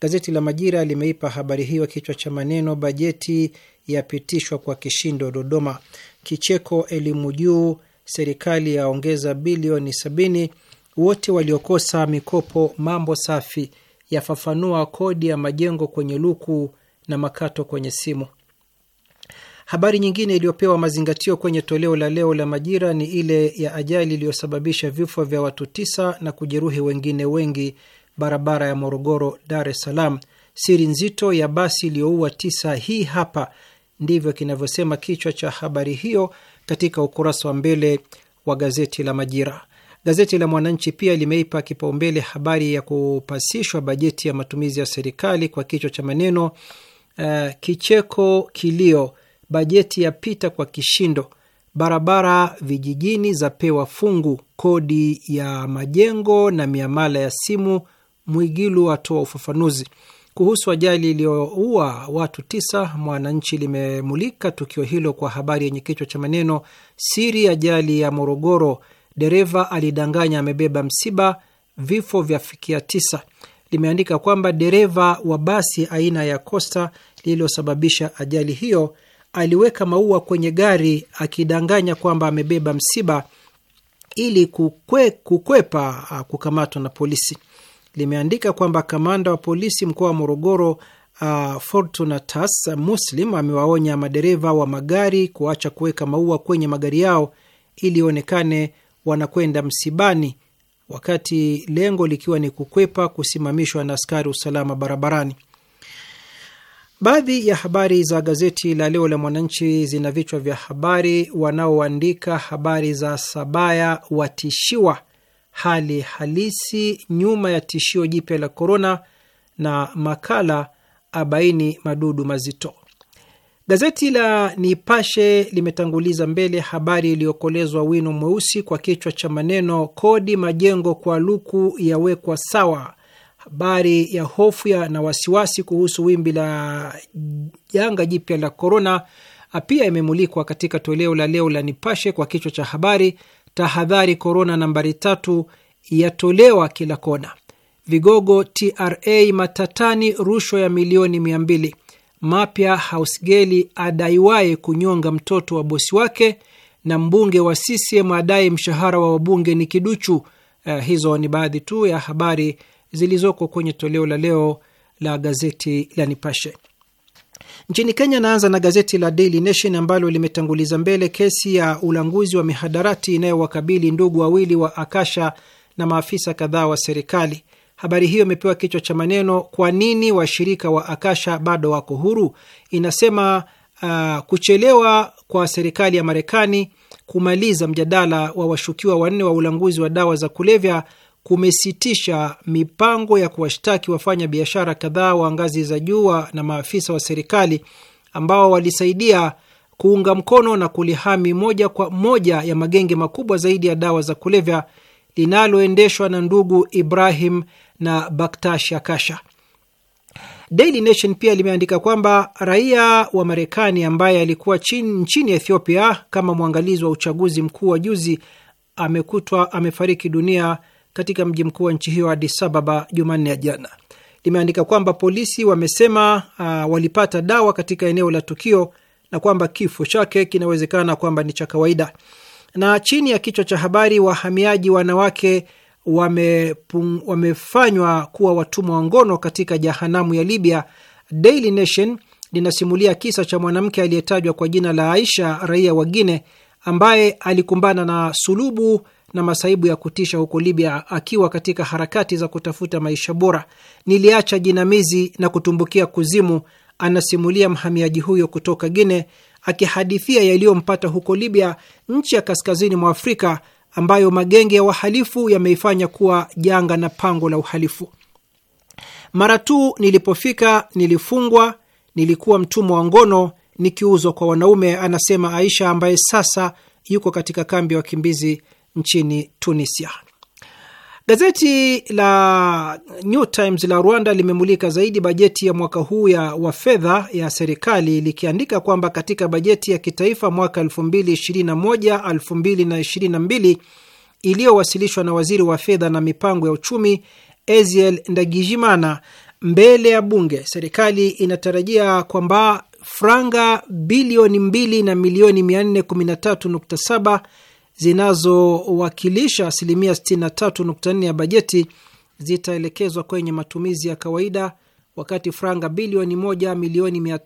Speaker 1: Gazeti la Majira limeipa habari hiyo kichwa cha maneno, bajeti yapitishwa kwa kishindo Dodoma, kicheko elimu juu, serikali yaongeza bilioni 70, wote waliokosa mikopo mambo safi, yafafanua kodi ya majengo kwenye luku na makato kwenye simu. Habari nyingine iliyopewa mazingatio kwenye toleo la leo la Majira ni ile ya ajali iliyosababisha vifo vya watu tisa na kujeruhi wengine wengi barabara ya Morogoro Dar es Salaam. Siri nzito ya basi iliyoua tisa, hii hapa ndivyo kinavyosema kichwa cha habari hiyo katika ukurasa wa mbele wa gazeti la Majira. Gazeti la Mwananchi pia limeipa kipaumbele habari ya kupasishwa bajeti ya matumizi ya serikali kwa kichwa cha maneno uh, kicheko kilio bajeti ya pita kwa kishindo, barabara vijijini zapewa fungu, kodi ya majengo na miamala ya simu. Mwigilu atoa ufafanuzi kuhusu ajali iliyoua watu tisa. Mwananchi limemulika tukio hilo kwa habari yenye kichwa cha maneno siri ajali ya Morogoro, dereva alidanganya amebeba msiba, vifo vyafikia tisa. Limeandika kwamba dereva wa basi aina ya kosta lililosababisha ajali hiyo aliweka maua kwenye gari akidanganya kwamba amebeba msiba ili kukwe, kukwepa ah, kukamatwa na polisi. Limeandika kwamba kamanda wa polisi mkoa wa Morogoro Uh, Fortunatus Muslim amewaonya madereva wa magari kuacha kuweka maua kwenye magari yao ili ionekane wanakwenda msibani, wakati lengo likiwa ni kukwepa kusimamishwa na askari usalama barabarani. Baadhi ya habari za gazeti la leo la Mwananchi zina vichwa vya habari: wanaoandika habari za Sabaya watishiwa, hali halisi nyuma ya tishio jipya la korona, na makala abaini madudu mazito. Gazeti la Nipashe limetanguliza mbele habari iliyokolezwa wino mweusi kwa kichwa cha maneno kodi majengo kwa luku yawekwa sawa, habari ya hofu na wasiwasi kuhusu wimbi la janga jipya la korona pia imemulikwa katika toleo la leo la Nipashe kwa kichwa cha habari, tahadhari korona nambari tatu yatolewa kila kona, vigogo TRA matatani, rushwa ya milioni mia mbili mapya, hausgeli adaiwaye kunyonga mtoto wa bosi wake, na mbunge wa CCM adai mshahara wa wabunge ni kiduchu. Eh, hizo ni baadhi tu ya habari zilizoko kwenye toleo la leo la gazeti la Nipashe. Nchini Kenya, naanza na gazeti la Daily Nation ambalo limetanguliza mbele kesi ya ulanguzi wa mihadarati inayowakabili ndugu wawili wa Akasha na maafisa kadhaa wa serikali. Habari hiyo imepewa kichwa cha maneno, kwa nini washirika wa Akasha bado wako huru? Inasema uh, kuchelewa kwa serikali ya Marekani kumaliza mjadala wa washukiwa wanne wa ulanguzi wa dawa za kulevya kumesitisha mipango ya kuwashtaki wafanya biashara kadhaa wa ngazi za juu na maafisa wa serikali ambao walisaidia kuunga mkono na kulihami moja kwa moja ya magenge makubwa zaidi ya dawa za kulevya linaloendeshwa na ndugu Ibrahim na Baktash Akasha. Daily Nation pia limeandika kwamba raia wa Marekani ambaye alikuwa chin, nchini Ethiopia kama mwangalizi wa uchaguzi mkuu wa juzi amekutwa amefariki dunia katika mji mkuu wa nchi hiyo Addis Ababa Jumanne ya jana. Limeandika kwamba polisi wamesema uh, walipata dawa katika eneo la tukio na kwamba kifo chake kinawezekana kwamba ni cha kawaida. Na chini ya kichwa cha habari, wahamiaji wanawake wamepung, wamefanywa kuwa watumwa wa ngono katika jahanamu ya Libya, Daily Nation linasimulia kisa cha mwanamke aliyetajwa kwa jina la Aisha, raia wa Guinea ambaye alikumbana na sulubu na masaibu ya kutisha huko Libya akiwa katika harakati za kutafuta maisha bora. Niliacha jinamizi na kutumbukia kuzimu, anasimulia mhamiaji huyo kutoka guine akihadithia yaliyompata huko Libya, nchi ya kaskazini mwa Afrika ambayo magenge ya wahalifu yameifanya kuwa janga na pango la uhalifu. Mara tu nilipofika, nilifungwa, nilikuwa mtumwa wa ngono nikiuzwa kwa wanaume, anasema Aisha ambaye sasa yuko katika kambi ya wa wakimbizi nchini Tunisia. Gazeti la New Times la Rwanda limemulika zaidi bajeti ya mwaka huu ya wa fedha ya serikali likiandika kwamba katika bajeti ya kitaifa mwaka 2021 2022 iliyowasilishwa na waziri wa fedha na mipango ya uchumi Eziel Ndagijimana mbele ya bunge, serikali inatarajia kwamba franga bilioni mbili na milioni saba zinazowakilisha asilimia nne ya bajeti zitaelekezwa kwenye matumizi ya kawaida, wakati franga bilioni moja milioni uh,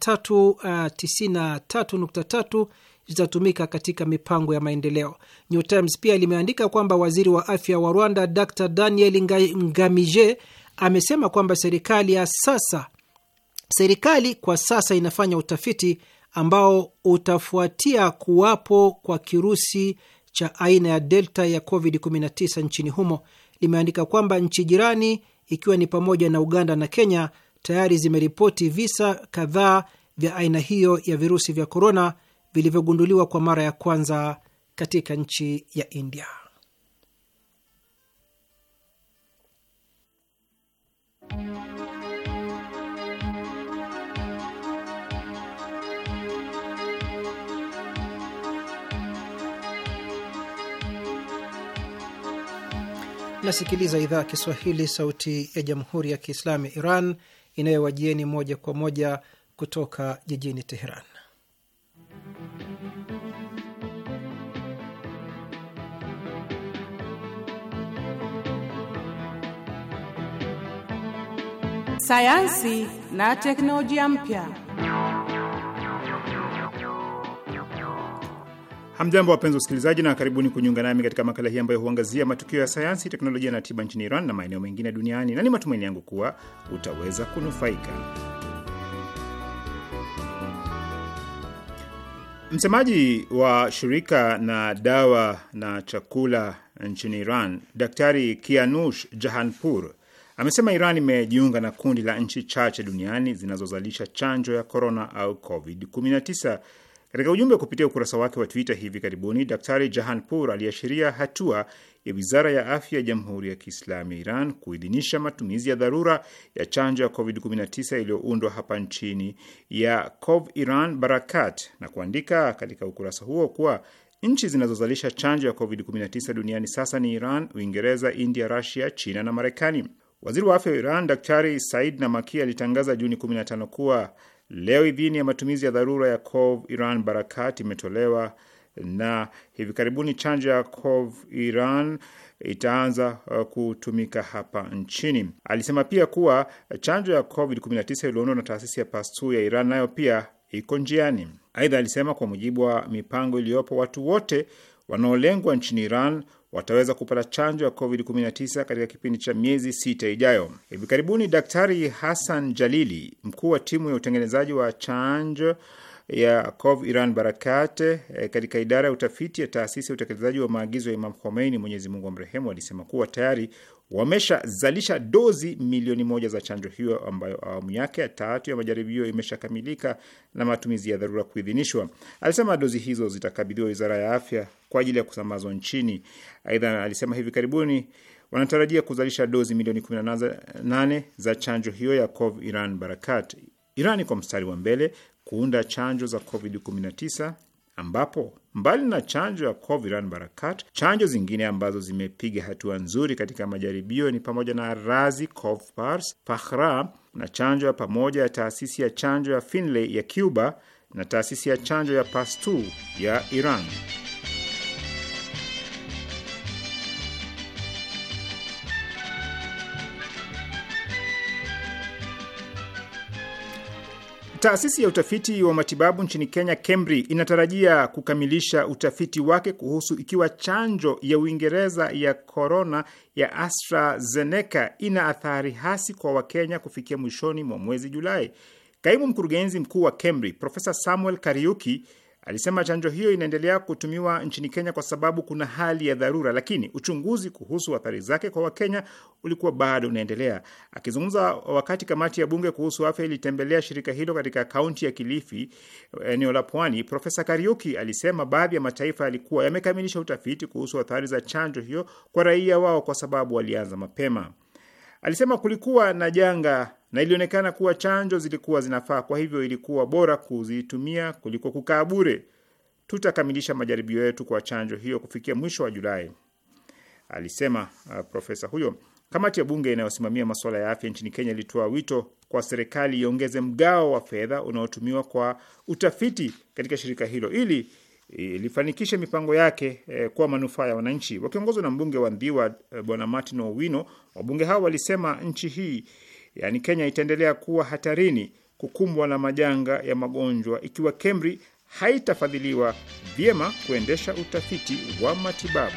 Speaker 1: tatu zitatumika katika mipango ya maendeleo. New Times pia limeandika kwamba waziri wa afya wa Rwanda Dr Daniel Ngamije amesema kwamba serikali ya sasa Serikali kwa sasa inafanya utafiti ambao utafuatia kuwapo kwa kirusi cha aina ya delta ya COVID-19 nchini humo. Limeandika kwamba nchi jirani ikiwa ni pamoja na Uganda na Kenya tayari zimeripoti visa kadhaa vya aina hiyo ya virusi vya korona vilivyogunduliwa kwa mara ya kwanza katika nchi ya India. Nasikiliza idhaa Kiswahili, sauti ya jamhuri ya kiislamu ya Iran inayowajieni moja kwa moja kutoka jijini Teheran.
Speaker 3: Sayansi na teknolojia mpya.
Speaker 4: Hamjambo, wapenzi wasikilizaji, na karibuni kujiunga nami katika makala hii ambayo huangazia matukio ya sayansi, teknolojia na tiba nchini Iran na maeneo mengine duniani, na ni matumaini yangu kuwa utaweza kunufaika. Msemaji wa shirika na dawa na chakula nchini Iran, Daktari Kianush Jahanpur amesema Iran imejiunga na kundi la nchi chache duniani zinazozalisha chanjo ya korona au COVID-19 katika ujumbe kupitia ukurasa wake wa Twitter hivi karibuni, Daktari Jahanpour aliashiria hatua ya wizara ya afya ya Jamhuri ya Kiislamu ya Iran kuidhinisha matumizi ya dharura ya chanjo ya COVID-19 iliyoundwa hapa nchini ya Cov Iran Barakat na kuandika katika ukurasa huo kuwa nchi zinazozalisha chanjo ya COVID-19 duniani sasa ni Iran, Uingereza, India, Rusia, China na Marekani. Waziri wa afya wa Iran Daktari Said Namaki alitangaza Juni 15 kuwa Leo idhini ya matumizi ya dharura ya Cov Iran Barakat imetolewa na hivi karibuni chanjo ya Cov Iran itaanza uh, kutumika hapa nchini. Alisema pia kuwa chanjo ya COVID-19 ilioundwa na taasisi ya Pasteur ya Iran nayo pia iko njiani. Aidha, alisema kwa mujibu wa mipango iliyopo, watu wote wanaolengwa nchini Iran wataweza kupata chanjo ya COVID-19 katika kipindi cha miezi sita ijayo. Hivi karibuni Daktari Hassan Jalili, mkuu wa timu ya utengenezaji wa chanjo ya Kov Iran Barakat e, katika idara ya utafiti ya taasisi ya utekelezaji wa maagizo ya Imam Khomeini, Mwenyezi Mungu amrehemu, alisema kuwa tayari wameshazalisha dozi milioni moja za chanjo hiyo ambayo awamu yake ya tatu ya majaribio imeshakamilika na matumizi ya dharura kuidhinishwa. Alisema dozi hizo zitakabidhiwa Wizara ya Afya kwa ajili ya kusambazwa nchini. Aidha, alisema hivi karibuni wanatarajia kuzalisha dozi milioni 18 za chanjo hiyo ya Cov Iran Barakat. Iran kwa mstari wa mbele kuunda chanjo za COVID-19 ambapo mbali na chanjo ya Coviran Barakat, chanjo zingine ambazo zimepiga hatua nzuri katika majaribio ni pamoja na Razi Covpars Fakhra na chanjo ya pamoja ya taasisi ya chanjo ya Finlay ya Cuba na taasisi ya chanjo ya Pastu ya Iran. Taasisi ya utafiti wa matibabu nchini Kenya, KEMRI, inatarajia kukamilisha utafiti wake kuhusu ikiwa chanjo ya Uingereza ya korona ya AstraZeneca ina athari hasi kwa Wakenya kufikia mwishoni mwa mwezi Julai. Kaimu mkurugenzi mkuu wa KEMRI Profesa Samuel Kariuki Alisema chanjo hiyo inaendelea kutumiwa nchini Kenya kwa sababu kuna hali ya dharura, lakini uchunguzi kuhusu athari zake kwa Wakenya ulikuwa bado unaendelea. Akizungumza wakati kamati ya bunge kuhusu afya ilitembelea shirika hilo katika kaunti ya Kilifi, eneo la Pwani, Profesa Kariuki alisema baadhi ya mataifa yalikuwa yamekamilisha utafiti kuhusu athari za chanjo hiyo kwa raia wao kwa sababu walianza mapema. Alisema kulikuwa na janga na ilionekana kuwa chanjo zilikuwa zinafaa, kwa hivyo ilikuwa bora kuzitumia kuliko kukaa bure. Tutakamilisha majaribio yetu kwa chanjo hiyo kufikia mwisho wa Julai, alisema uh, profesa huyo. Kamati ya bunge inayosimamia masuala ya afya nchini Kenya ilitoa wito kwa serikali iongeze mgao wa fedha unaotumiwa kwa utafiti katika shirika hilo ili ilifanikishe mipango yake eh, kwa manufaa ya wananchi. Wakiongozwa na mbunge wa Ndhiwa eh, Bwana Martin Owino, wabunge hao walisema nchi hii yani Kenya itaendelea kuwa hatarini kukumbwa na majanga ya magonjwa ikiwa KEMRI haitafadhiliwa vyema kuendesha utafiti wa matibabu.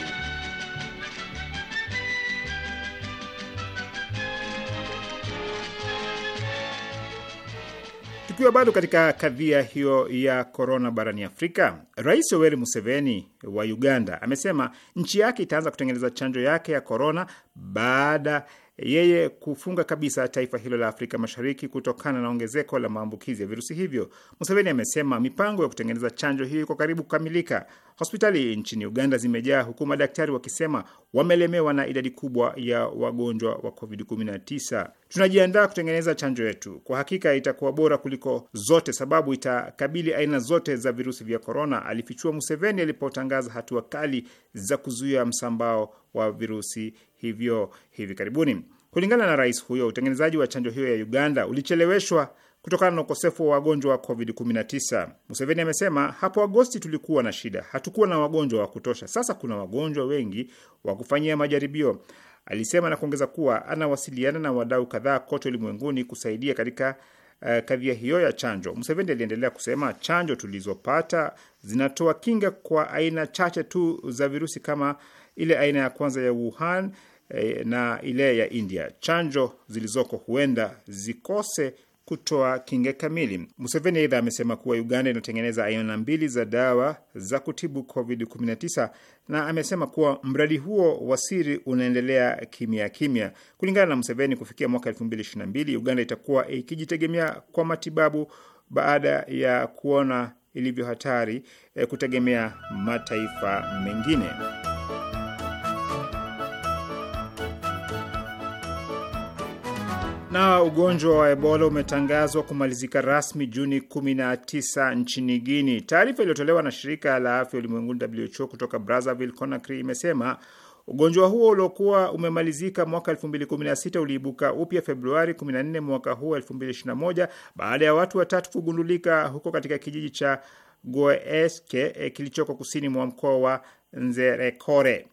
Speaker 4: Tukiwa bado katika kadhia hiyo ya korona barani Afrika, Rais Yoweri Museveni wa Uganda amesema nchi yake itaanza kutengeneza chanjo yake ya korona baada yeye kufunga kabisa taifa hilo la Afrika Mashariki kutokana na ongezeko la maambukizi ya virusi hivyo. Museveni amesema mipango ya kutengeneza chanjo hiyo iko karibu kukamilika. Hospitali nchini Uganda zimejaa huku madaktari wakisema wamelemewa na idadi kubwa ya wagonjwa wa COVID-19. Tunajiandaa kutengeneza chanjo yetu, kwa hakika itakuwa bora kuliko zote, sababu itakabili aina zote za virusi vya korona, alifichua Museveni alipotangaza hatua kali za kuzuia msambao wa virusi hivyo hivi karibuni. Kulingana na rais huyo, utengenezaji wa chanjo hiyo ya Uganda ulicheleweshwa kutokana na ukosefu wa wagonjwa wa COVID-19. Museveni amesema hapo Agosti tulikuwa na shida, hatukuwa na wagonjwa wa kutosha. Sasa kuna wagonjwa wengi wa kufanyia majaribio, alisema na kuongeza kuwa anawasiliana na wadau kadhaa kote ulimwenguni kusaidia katika uh, kadhia hiyo ya chanjo. Museveni aliendelea kusema chanjo tulizopata zinatoa kinga kwa aina chache tu za virusi kama ile aina ya kwanza ya Wuhan eh, na ile ya India. Chanjo zilizoko huenda zikose kutoa kinga kamili. Museveni aidha amesema kuwa Uganda inatengeneza aina mbili za dawa za kutibu COVID-19 na amesema kuwa mradi huo wa siri unaendelea kimya kimya. Kulingana na Museveni, kufikia mwaka 2022 Uganda itakuwa ikijitegemea kwa matibabu baada ya kuona ilivyo hatari eh, kutegemea mataifa mengine. Na ugonjwa wa Ebola umetangazwa kumalizika rasmi Juni 19 nchini Guini. Taarifa iliyotolewa na shirika la afya ulimwenguni WHO kutoka Brazzaville, Conakry imesema ugonjwa huo uliokuwa umemalizika mwaka 2016 uliibuka upya Februari 14 mwaka huu 2021 baada ya watu watatu kugundulika huko katika kijiji cha Goeske eh, kilichoko kusini mwa mkoa wa Nzerekore.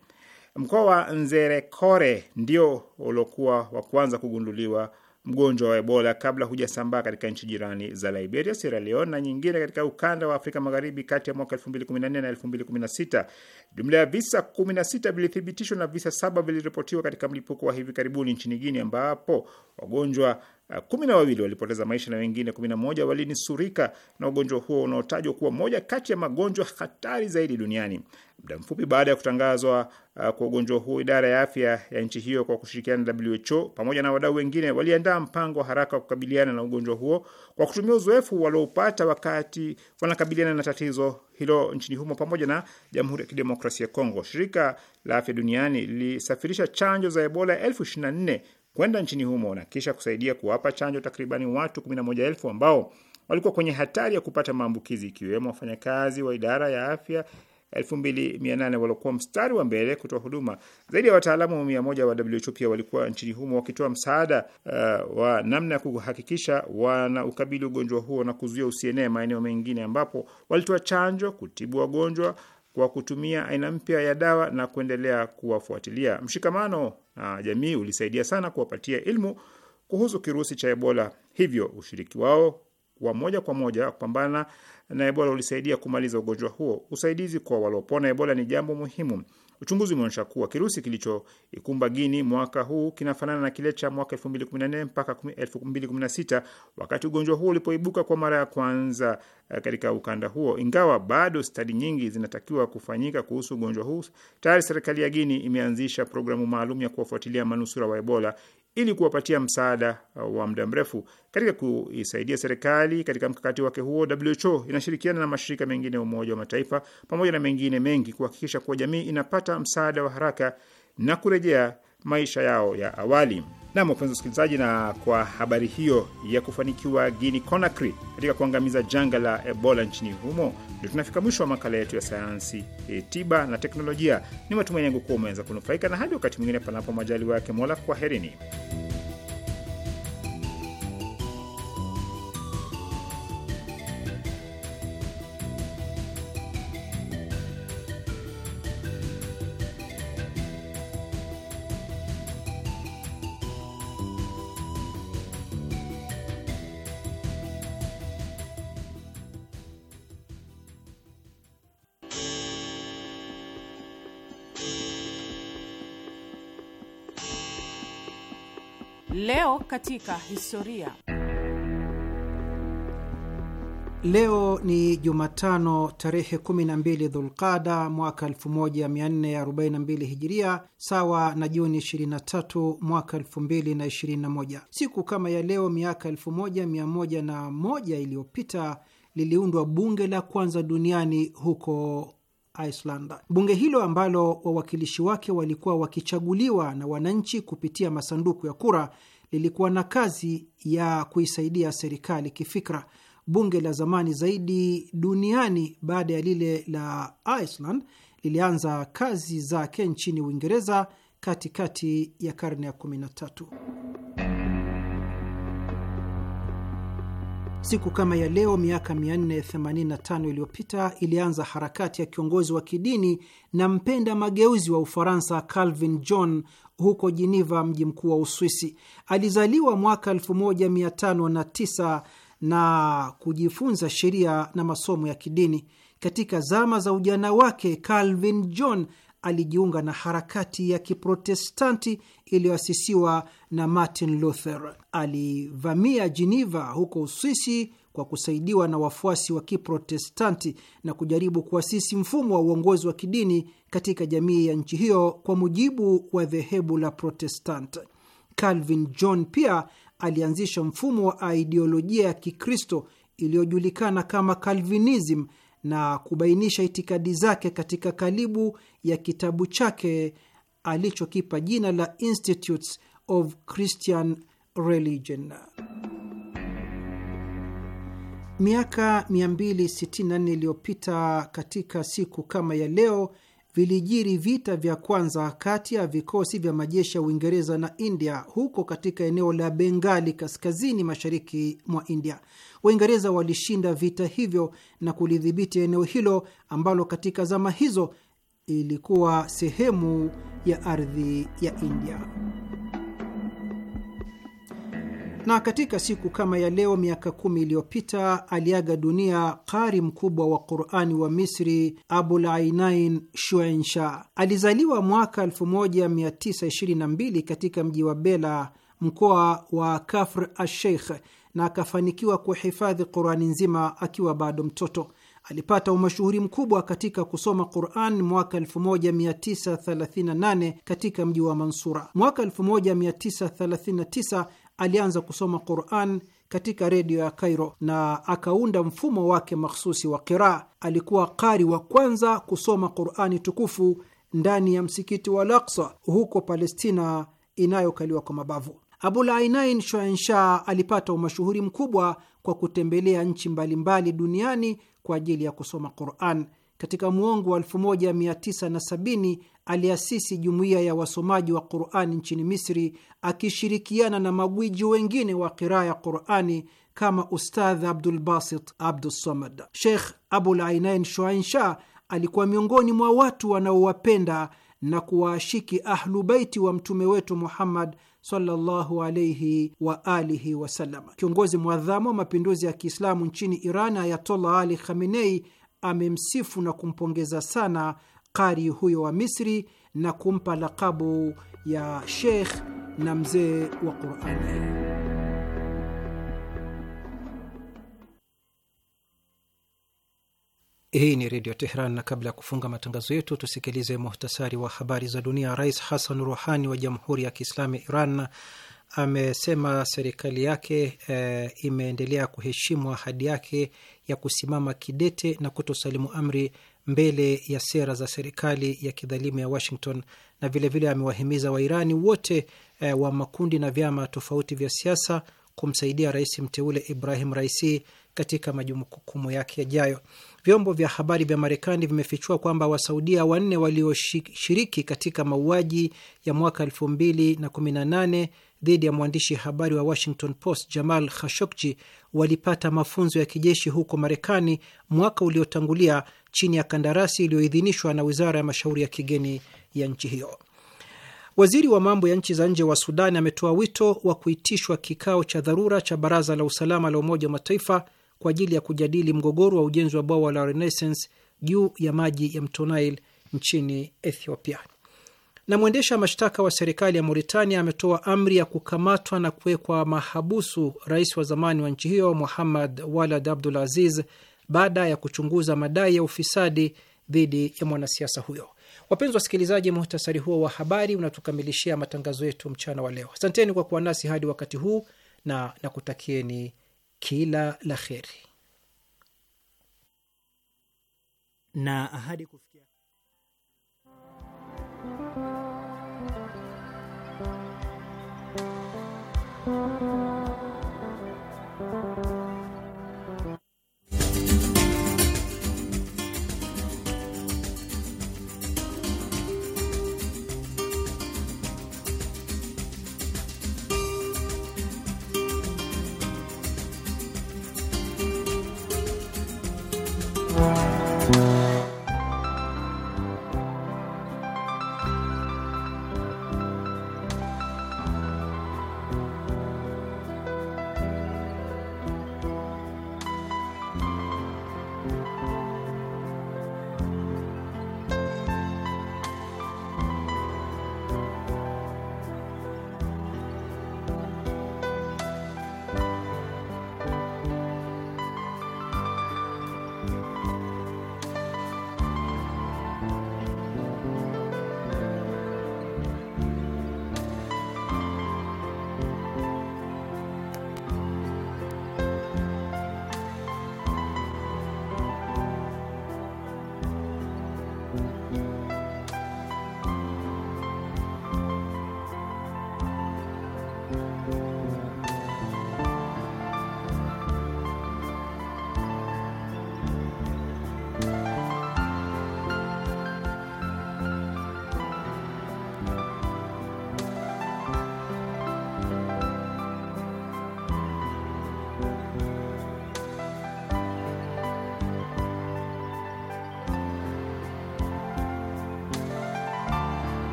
Speaker 4: Mkoa wa Nzerekore ndio uliokuwa wa kwanza kugunduliwa mgonjwa wa Ebola kabla hujasambaa katika nchi jirani za Liberia, Sierra Leone na nyingine katika ukanda wa Afrika Magharibi kati ya mwaka 2014 na 2016. Jumla ya visa 16 vilithibitishwa na visa saba viliripotiwa katika mlipuko wa hivi karibuni nchini Guinea ambapo wagonjwa uh, kumi na wawili walipoteza maisha na wengine kumi na moja walinusurika na ugonjwa huo unaotajwa kuwa moja kati ya magonjwa hatari zaidi duniani. Muda mfupi baada ya kutangazwa uh, kwa ugonjwa huu, idara ya afya ya nchi hiyo kwa kushirikiana na WHO pamoja na wadau wengine waliandaa mpango wa haraka wa kukabiliana na ugonjwa huo kwa kutumia uzoefu walioupata wakati wanakabiliana na tatizo hilo nchini humo pamoja na Jamhuri ya Kidemokrasia ya Kongo. Shirika la Afya Duniani lilisafirisha chanjo za Ebola elfu ishirini na nne kwenda nchini humo na kisha kusaidia kuwapa chanjo takribani watu 11,000 ambao walikuwa kwenye hatari ya kupata maambukizi ikiwemo wafanyakazi wa idara ya afya 2800 waliokuwa mstari wa mbele kutoa huduma. Zaidi ya wataalamu 100 wa WHO pia walikuwa nchini humo wakitoa msaada uh, wa namna ya kuhakikisha wana ukabili ugonjwa huo na kuzuia usienee maeneo mengine, ambapo walitoa chanjo, kutibu wagonjwa kwa kutumia aina mpya ya dawa na kuendelea kuwafuatilia. Mshikamano na jamii ulisaidia sana kuwapatia ilmu kuhusu kirusi cha Ebola, hivyo ushiriki wao wa moja kwa moja kupambana na Ebola ulisaidia kumaliza ugonjwa huo. Usaidizi kwa waliopona Ebola ni jambo muhimu. Uchunguzi umeonyesha kuwa kirusi kilichoikumba Guini mwaka huu kinafanana na kile cha mwaka 2014 mpaka 2016 wakati ugonjwa huo ulipoibuka kwa mara ya kwanza eh, katika ukanda huo. Ingawa bado stadi nyingi zinatakiwa kufanyika kuhusu ugonjwa huu, tayari serikali ya Guini imeanzisha programu maalum ya kuwafuatilia manusura wa Ebola ili kuwapatia msaada uh, wa muda mrefu. Katika kuisaidia serikali katika mkakati wake huo, WHO inashirikiana na mashirika mengine ya Umoja wa Mataifa pamoja na mengine mengi kuhakikisha kuwa jamii inapata msaada wa haraka na kurejea maisha yao ya awali. Na wapenzi wasikilizaji, na kwa habari hiyo ya kufanikiwa Guinea Conakry katika kuangamiza janga la Ebola nchini humo, ndio tunafika mwisho wa makala yetu ya sayansi e, tiba na teknolojia. Ni matumaini yangu kuwa umeweza kunufaika, na hadi wakati mwingine, panapo majaliwa yake Mola, kwaherini.
Speaker 3: katika historia.
Speaker 1: Leo ni Jumatano tarehe 12 Dhulqada mwaka 1442 Hijiria, sawa na Juni 23 mwaka 2021. Siku kama ya leo miaka 1101 iliyopita liliundwa bunge la kwanza duniani huko Iceland. Bunge hilo ambalo wawakilishi wake walikuwa wakichaguliwa na wananchi kupitia masanduku ya kura lilikuwa na kazi ya kuisaidia serikali kifikra. Bunge la zamani zaidi duniani baada ya lile la Iceland lilianza kazi zake nchini Uingereza katikati ya karne ya 13. Siku kama ya leo miaka 485 iliyopita ilianza harakati ya kiongozi wa kidini na mpenda mageuzi wa Ufaransa Calvin John huko Jiniva, mji mkuu wa Uswisi. Alizaliwa mwaka 1509 na kujifunza sheria na masomo ya kidini. Katika zama za ujana wake, Calvin John alijiunga na harakati ya Kiprotestanti iliyoasisiwa na Martin Luther. Alivamia Jiniva huko Uswisi kwa kusaidiwa na wafuasi wa Kiprotestanti na kujaribu kuasisi mfumo wa uongozi wa kidini katika jamii ya nchi hiyo kwa mujibu wa dhehebu la Protestant. Calvin John pia alianzisha mfumo wa aidiolojia ya Kikristo iliyojulikana kama Calvinism na kubainisha itikadi zake katika kalibu ya kitabu chake alichokipa jina la Institutes of Christian Religion. Miaka 264 iliyopita katika siku kama ya leo vilijiri vita vya kwanza kati ya vikosi vya majeshi ya Uingereza na India huko katika eneo la Bengali kaskazini mashariki mwa India. Waingereza walishinda vita hivyo na kulidhibiti eneo hilo ambalo katika zama hizo ilikuwa sehemu ya ardhi ya India. Na katika siku kama ya leo miaka kumi iliyopita aliaga dunia qari mkubwa wa Qurani wa Misri Abul Ainain Shuensha. Alizaliwa mwaka 1922 katika mji wa Bela, mkoa wa Kafr Asheikh, na akafanikiwa kuhifadhi Qurani nzima akiwa bado mtoto. Alipata umashuhuri mkubwa katika kusoma Quran mwaka 1938 katika mji wa Mansura. Mwaka 1939 alianza kusoma Quran katika redio ya Cairo na akaunda mfumo wake mahsusi wa qiraa. Alikuwa qari wa kwanza kusoma Qurani tukufu ndani ya msikiti wa Al-Aqsa huko Palestina inayokaliwa kwa mabavu. Abul Ainain Shoansha alipata umashuhuri mkubwa kwa kutembelea nchi mbalimbali duniani kwa ajili ya kusoma Quran. Katika mwongo wa 1970 aliasisi jumuiya ya wasomaji wa Qurani nchini Misri akishirikiana na magwiji wengine wa qiraa ya Qurani kama Ustadh Abdulbasit Abdussamad. Sheikh abul ainain Shuainsha alikuwa miongoni mwa watu wanaowapenda na kuwaashiki Ahlu Baiti wa mtume wetu Muhammad sallallahu alayhi wa alihi wasallam. Kiongozi mwadhamu wa mapinduzi ya Kiislamu nchini Iran Ayatollah Ali Khamenei amemsifu na kumpongeza sana qari huyo wa Misri na kumpa lakabu ya Sheikh na mzee wa Qurani. Hii ni Redio Teheran, na kabla ya kufunga matangazo yetu tusikilize muhtasari wa habari za dunia. Rais Hassan Ruhani wa Jamhuri ya Kiislamu Iran amesema serikali yake e, imeendelea kuheshimu ahadi yake ya kusimama kidete na kutosalimu amri mbele ya sera za serikali ya kidhalimu ya Washington na vilevile amewahimiza Wairani wote e, wa makundi na vyama tofauti vya siasa kumsaidia rais mteule Ibrahim Raisi katika majukumu yake yajayo. Vyombo vya habari vya Marekani vimefichua kwamba wasaudia wanne walioshiriki katika mauaji ya mwaka 2018 dhidi ya mwandishi habari wa Washington Post Jamal Khashoggi walipata mafunzo ya kijeshi huko Marekani mwaka uliotangulia chini ya kandarasi iliyoidhinishwa na wizara ya mashauri ya kigeni ya nchi hiyo. Waziri wa mambo ya nchi za nje wa Sudan ametoa wito wa kuitishwa kikao cha dharura cha Baraza la Usalama la Umoja wa Mataifa kwa ajili ya kujadili mgogoro wa ujenzi wa bwawa la Renaissance juu ya maji ya mto Nile nchini Ethiopia. Na mwendesha mashtaka wa serikali ya Mauritania ametoa amri ya kukamatwa na kuwekwa mahabusu rais wa zamani wa nchi hiyo Muhammad Walad Abdul Aziz baada ya kuchunguza madai ya ufisadi dhidi ya mwanasiasa huyo. Wapenzi wasikilizaji, muhtasari huo wa habari unatukamilishia matangazo yetu mchana wa leo. Asanteni kwa kuwa nasi hadi wakati huu na nakutakieni kila la heri na ahadi